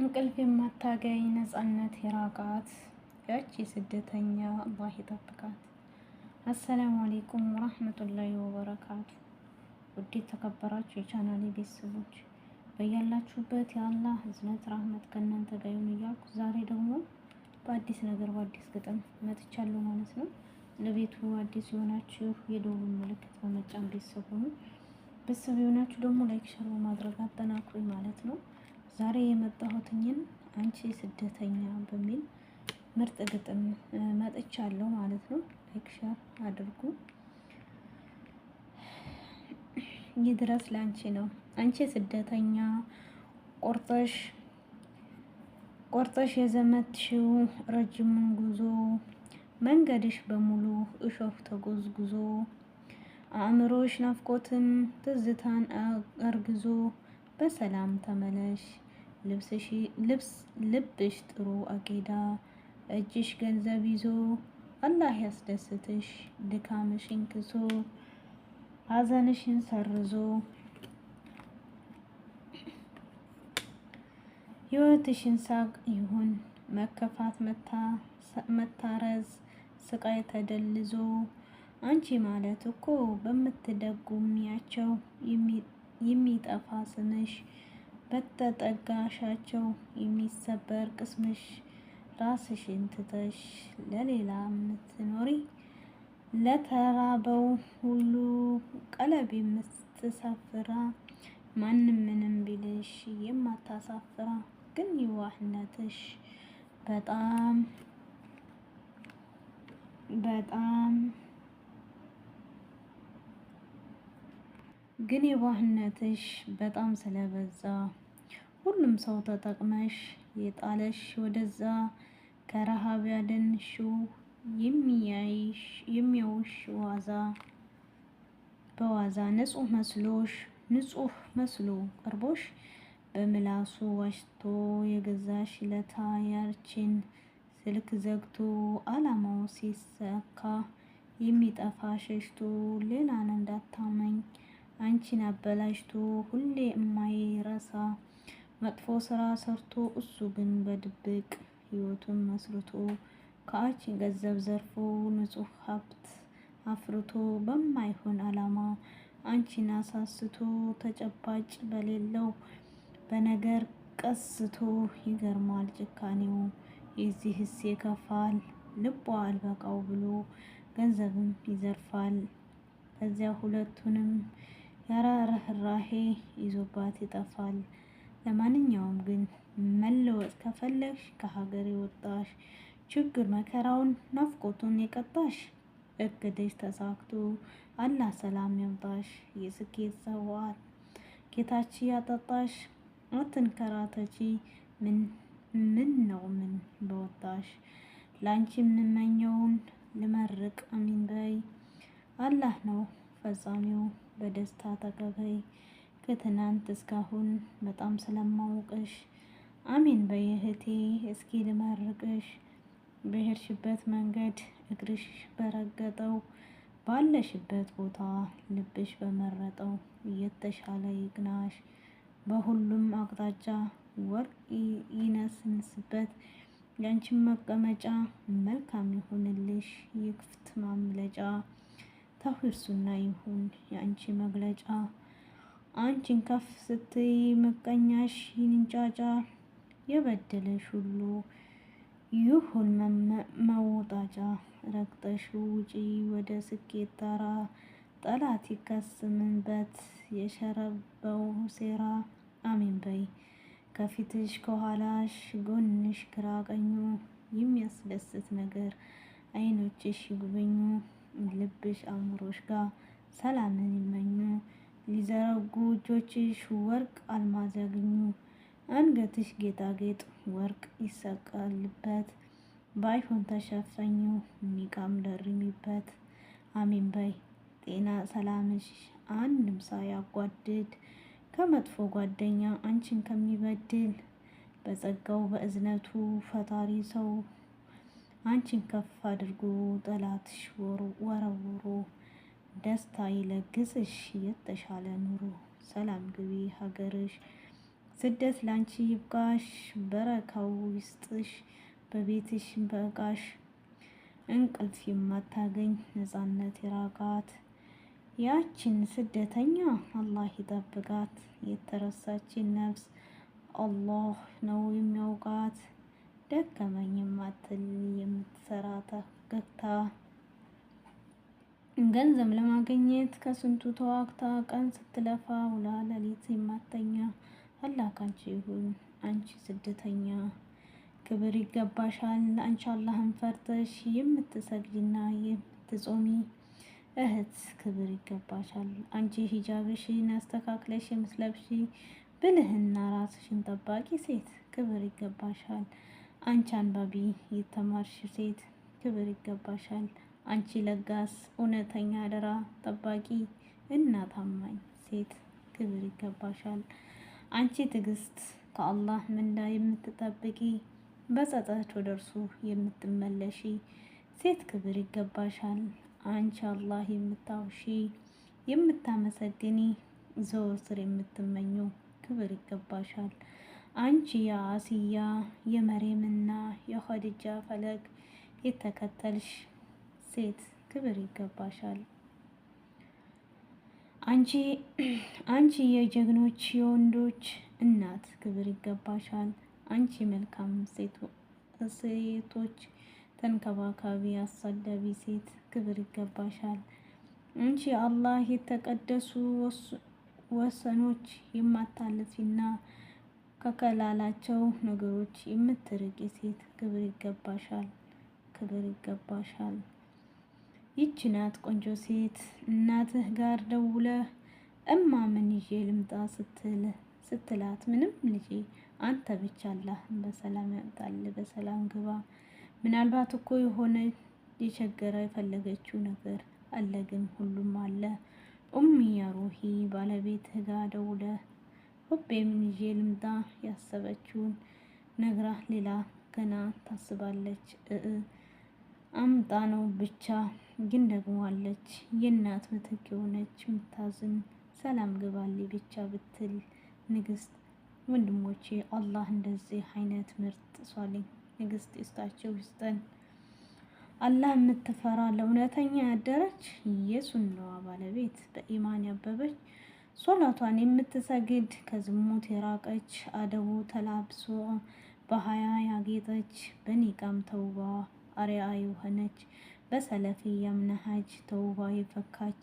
እንቅልፍ የማታገኝ ነጻነት የራቃት ያቺ ስደተኛ አላህ ይጠብቃት። አሰላሙ አሌይኩም ወራህመቱላሂ ወበረካቱ። ውድ የተከበራችሁ የቻናሌ ቤተሰቦች በያላችሁበት የአላህ እዝነት ራህመት ከእናንተ ጋር ይሁን እያልኩ ዛሬ ደግሞ በአዲስ ነገር በአዲስ ግጥም መጥቻለሁ ማለት ነው። ለቤቱ አዲስ የሆናችሁ የደወሉን ምልክት በመጫን ቤተሰብ ሁኑ። ቤተሰብ የሆናችሁ ደግሞ ላይክ ሸር በማድረግ አጠናክሩኝ ማለት ነው። ዛሬ የመጣሁትኝን አንቺ ስደተኛ በሚል ምርጥ ግጥም መጥቻለሁ ማለት ነው። ላይክ ሸር አድርጉ። ይድረስ ለአንቺ ነው። አንቺ ስደተኛ ቆርጠሽ ቆርጠሽ የዘመትሽው ረጅሙን ጉዞ መንገድሽ በሙሉ እሾህ ተጎዝጉዞ አእምሮሽ ናፍቆትን ትዝታን አርግዞ በሰላም ተመለሽ። ልብሽ ጥሩ አቂዳ፣ እጅሽ ገንዘብ ይዞ አላህ ያስደስትሽ። ድካምሽን ክሶ ሐዘንሽን ሰርዞ ሕይወትሽን ሳቅ ይሁን መከፋት መታረዝ ስቃይ ተደልዞ አንቺ ማለት እኮ በምትደጉሚያቸው የሚጠፋ ስምሽ በተጠጋሻቸው የሚሰበር ቅስምሽ ራስሽን ትተሽ ለሌላ የምትኖሪ ለተራበው ሁሉ ቀለብ የምትሰፍራ ማንም ምንም ቢልሽ የማታሳፍራ ግን የዋህነትሽ በጣም በጣም ግን የዋህነትሽ በጣም ስለበዛ ሁሉም ሰው ተጠቅመሽ የጣለሽ ወደዛ ከረሃብ ያደንሽው የሚያይሽ የሚያውሽ ዋዛ በዋዛ ንጹህ መስሎሽ ንጹህ መስሎ ቅርቦሽ በምላሱ ዋሽቶ የገዛሽ ለታ ያርችን ስልክ ዘግቶ አላማው ሲሰካ የሚጠፋ ሸሽቶ ሌላን እንዳታመኝ አንቺን አበላሽቶ ሁሌ የማይረሳ መጥፎ ስራ ሰርቶ እሱ ግን በድብቅ ህይወቱን መስርቶ ከአችን ገንዘብ ዘርፎ ንጹህ ሀብት አፍርቶ በማይሆን አላማ አንቺን አሳስቶ ተጨባጭ በሌለው በነገር ቀስቶ ይገርማል ጭካኔው ህስ ይከፋል ልቧ አልበቃው ብሎ ገንዘብም ይዘርፋል። ከዚያ ሁለቱንም ያራ ርህራሄ ይዞባት ይጠፋል። ለማንኛውም ግን መለወጥ ከፈለግሽ ከሀገር የወጣሽ ችግር መከራውን ናፍቆቱን የቀጣሽ እቅድሽ ተሳክቶ አላህ ሰላም ያምጣሽ። የስኬት ሰዋር ጌታች ያጠጣሽ። አትንከራተቺ ምን ምን ነው ምን በወጣሽ ላንቺ የምመኘውን ልመርቅ አሚን በይ። አላህ ነው ፈጻሚው። በደስታ ተቀበይ። ከትናንት እስካሁን በጣም ስለማውቅሽ አሜን በየህቴ እስኪ ልመርቅሽ በሄድሽበት መንገድ እግርሽ በረገጠው ባለሽበት ቦታ ልብሽ በመረጠው እየተሻለ ይቅናሽ በሁሉም አቅጣጫ ወርቅ ይነስንስበት ያንቺን መቀመጫ መልካም ይሁንልሽ ይክፍት ማምለጫ ተውሂድ ይሁን ያንቺ መግለጫ አንቺን ከፍ ስትይ መቀኛሽ ይንጫጫ የበደለሽ ሁሉ ይሁን መውጣጫ። ረግጠሽ ውጪ ወደ ስኬት ተራ ጠላት ይከስምንበት የሸረበው ሴራ። አሜን በይ ከፊትሽ ከኋላሽ ጎንሽ ግራ ቀኙ የሚያስደስት ነገር አይኖችሽ ይጉብኙ ልብሽ አእምሮሽ ጋር ሰላምን ይመኙ። ሊዘረጉ እጆችሽ ወርቅ አልማዝ ያግኙ፣ አንገትሽ ጌጣጌጥ ወርቅ ይሰቀልበት፣ በአይፎን ተሸፈኙ ኒቃም ደርሚበት። አሜን በይ ጤና ሰላምሽ አንድም ሳያጓድድ ከመጥፎ ጓደኛ አንቺን ከሚበድል በጸጋው በእዝነቱ ፈጣሪ ሰው አንቺን ከፍ አድርጎ ጠላትሽ ወረወሮ ደስታ ይለግስሽ የተሻለ ኑሮ። ሰላም ግቢ ሀገርሽ፣ ስደት ላንቺ ይብቃሽ። በረካው ይስጥሽ በቤትሽ በቃሽ እንቅልፍ የማታገኝ ነፃነት የራቃት ያችን ስደተኛ አላህ ይጠብቃት። የተረሳችን ነፍስ አላህ ነው የሚያውቃት። ደከመኝ የማትል የምትሰራ ተግታ ገንዘብ ለማግኘት ከስንቱ ተዋግታ ቀን ስትለፋ ውላ ለሊት የማተኛ አላህ ይሁን አንቺ ስደተኛ። ክብር ይገባሻል አንቺ አላህን ፈርተሽ የምትሰግጂና የምትጾሚ እህት ክብር ይገባሻል አንቺ ሂጃብሽን አስተካክለሽ የምትለብሺ ብልህና ራስሽን ጠባቂ ሴት ክብር ይገባሻል። አንቺ አንባቢ የተማርሽ ሴት ክብር ይገባሻል። አንቺ ለጋስ፣ እውነተኛ አደራ ጠባቂ እና ታማኝ ሴት ክብር ይገባሻል። አንቺ ትዕግስት፣ ከአላህ ምንዳ የምትጠብቂ፣ በጸጸት ወደ እርሱ የምትመለሺ ሴት ክብር ይገባሻል። አንቺ አላህ የምታውሺ፣ የምታመሰግኒ፣ ዘወትር የምትመኙ ክብር ይገባሻል። አንቺ የአስያ የመሬምና የኸዲጃ ፈለግ የተከተልሽ ሴት ክብር ይገባሻል። አንቺ አንቺ የጀግኖች የወንዶች እናት ክብር ይገባሻል። አንቺ መልካም ሴቶች ተንከባካቢ፣ አሳዳቢ ሴት ክብር ይገባሻል። አንቺ አላህ የተቀደሱ ወሰኖች የማታለፊና ከከላላቸው ነገሮች የምትርቂ ሴት ክብር ይገባሻል። ክብር ይገባሻል። ይች ናት ቆንጆ ሴት እናትህ ጋር ደውለህ እማ ምን ይዤ ልምጣ ስትል ስትላት ምንም ልጄ አንተ ብቻ አላ በሰላም ያምጣል፣ በሰላም ግባ። ምናልባት እኮ የሆነ የቸገረ የፈለገችው ነገር አለ፣ ግን ሁሉም አለ። ኡሚ ያሩሂ ሩሂ ባለቤትህ ጋር ደውለህ ሁቤ ምን ይዤ ልምጣ ያሰበችውን ነግራ ሌላ ገና ታስባለች። እ አምጣ ነው ብቻ ግን ደግሞ አለች የእናት ምትክ የሆነች ምታዝን ሰላም ግባሌ ብቻ ብትል ንግስት። ወንድሞቼ አላህ እንደዚህ አይነት ምርጥ ሷሊህ ንግስት ይስጣቸው ይስጠን። አላህ የምትፈራ ለእውነተኛ ያደረች የሱናዋ ባለቤት በኢማን ያበበች ሶላቷን የምትሰግድ ከዝሙት የራቀች አደቡ ተላብሶ በሀያ ያጌጠች በኒቃም ተውባ አርአያ የሆነች በሰለፊ ምነሃጅ ተውባ የፈካች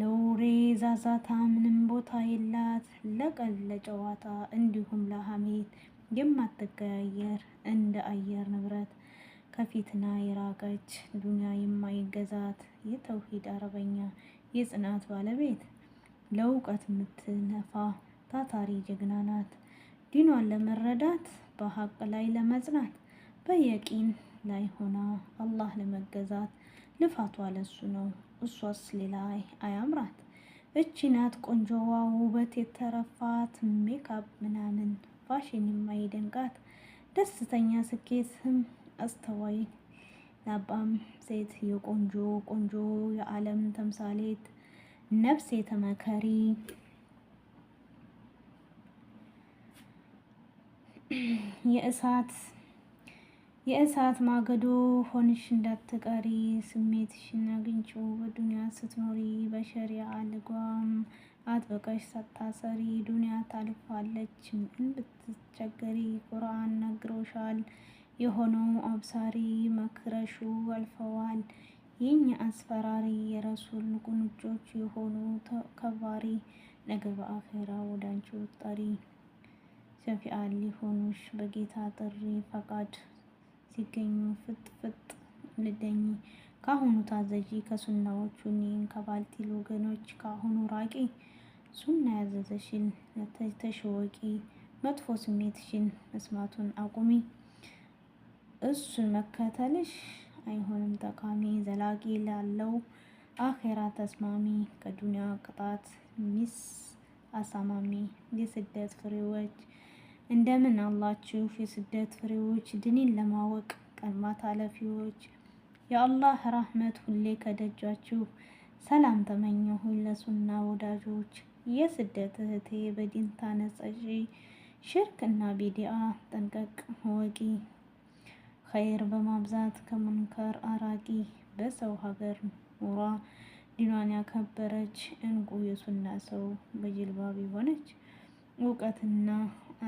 ለውሬ ዛዛታ ምንም ቦታ የላት ለቀል ለጨዋታ እንዲሁም ለሐሜት የማትቀያየር እንደ አየር ንብረት ከፊትና የራቀች ዱንያ የማይገዛት የተውሂድ አረበኛ የጽናት ባለቤት ለእውቀት የምትነፋ ታታሪ ጀግና ናት። ዲኗን ለመረዳት በሀቅ ላይ ለመጽናት በየቂን ላይ ሆና አላህ ለመገዛት ልፋቷ ለሱ ነው። እሷስ ሌላ አያምራት። እቺ ናት ቆንጆዋ፣ ውበት የተረፋት፣ ሜካፕ ምናምን ፋሽን የማይደንቃት ደስተኛ፣ ስኬትም አስተዋይ፣ ላባም ሴት፣ የቆንጆ ቆንጆ የዓለም ተምሳሌት፣ ነፍሴ ተመከሪ የእሳት የእሳት ማገዶ ሆንሽ እንዳትቀሪ ስሜትሽን አግኝቼው በዱንያ ስትኖሪ በሸሪያ አልጓም አጥብቀሽ ሳታሰሪ ዱንያ ታልፋለች እንድትቸገሪ ቁርአን ነግሮሻል የሆነው አብሳሪ መክረሹ አልፈዋል ይህኝ አስፈራሪ የረሱል ቁንጮች የሆኑ ተከባሪ ነገ በአኼራ ወዳንቺ ወጣሪ ሸፊአል ሊሆኑሽ በጌታ ጥሪ ፈቃድ ሲገኙ ፍጥ ፍጥ ልደኝ ካሁኑ ታዘዢ ከሱናዎች ሁኒ ከባልቲል ወገኖች ካሁኑ ራቂ። ሱና ያዘዘሽን ተሸወቂ። መጥፎ ስሜትሽን መስማቱን አቁሚ። እሱ መከተልሽ አይሆንም ጠቃሚ። ዘላቂ ላለው አኼራ ተስማሚ። ከዱንያ ቅጣት ሚስ አሳማሚ የስደት ፍሬዎች እንደምን አላችሁ የስደት ፍሬዎች፣ ድኒን ለማወቅ ቀልማት አለፊዎች፣ የአላህ ራህመት ሁሌ ከደጃችሁ ሰላም ተመኘሁኝ ለሱና ወዳጆች። የስደት እህቴ በዲን ታነጸሺ ሽርክ እና ቢዲአ ጠንቀቅ ወቂ፣ ኸይር በማብዛት ከሙንከር አራቂ፣ በሰው ሀገር ኑራ ዲኗን ያከበረች እንቁ የሱና ሰው በጅልባብ የሆነች እውቀትና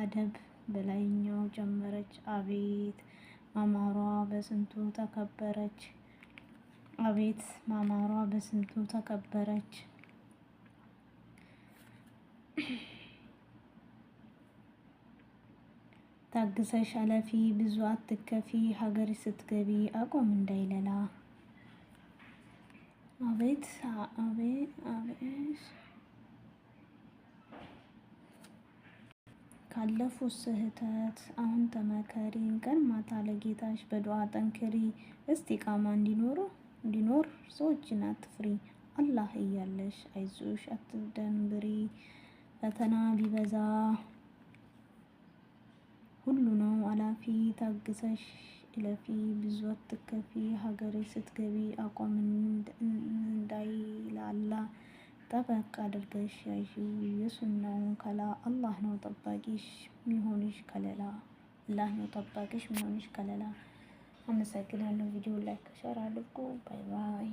አደብ በላይኛው ጨመረች። አቤት ማማሯ በስንቱ ተከበረች። አቤት ማማሯ በስንቱ ተከበረች። ታግሰሽ አለፊ ብዙ አትከፊ፣ ሀገር ስትገቢ አቁም እንዳይለላ። አቤት አቤት አቤት ካለፉት ስህተት አሁን ተመከሪ። ቀን ማታ ለጌታሽ በዱዓ ጠንክሪ። ቃማ እንዲኖሩ እንዲኖር ሰዎችን አትፍሪ። አላህ እያለሽ አይዞሽ አትደንብሪ። ፈተና ቢበዛ ሁሉ ነው አላፊ። ታግሰሽ እለፊ ብዙ አትከፊ። ሀገሬ ስትገቢ አቋም እንዳይላላ ጠበቅ አድርገሽ ያዢው። የሱናውን ከላ አላህ ነው ጠባቂሽ ሚሆንሽ ከለላ አላህ ነው ጠባቂሽ ሚሆንሽ ከለላ። አመሰግናለሁ። ቪዲዮ ላይክ ሸር አድርጉ። ባይ ባይ።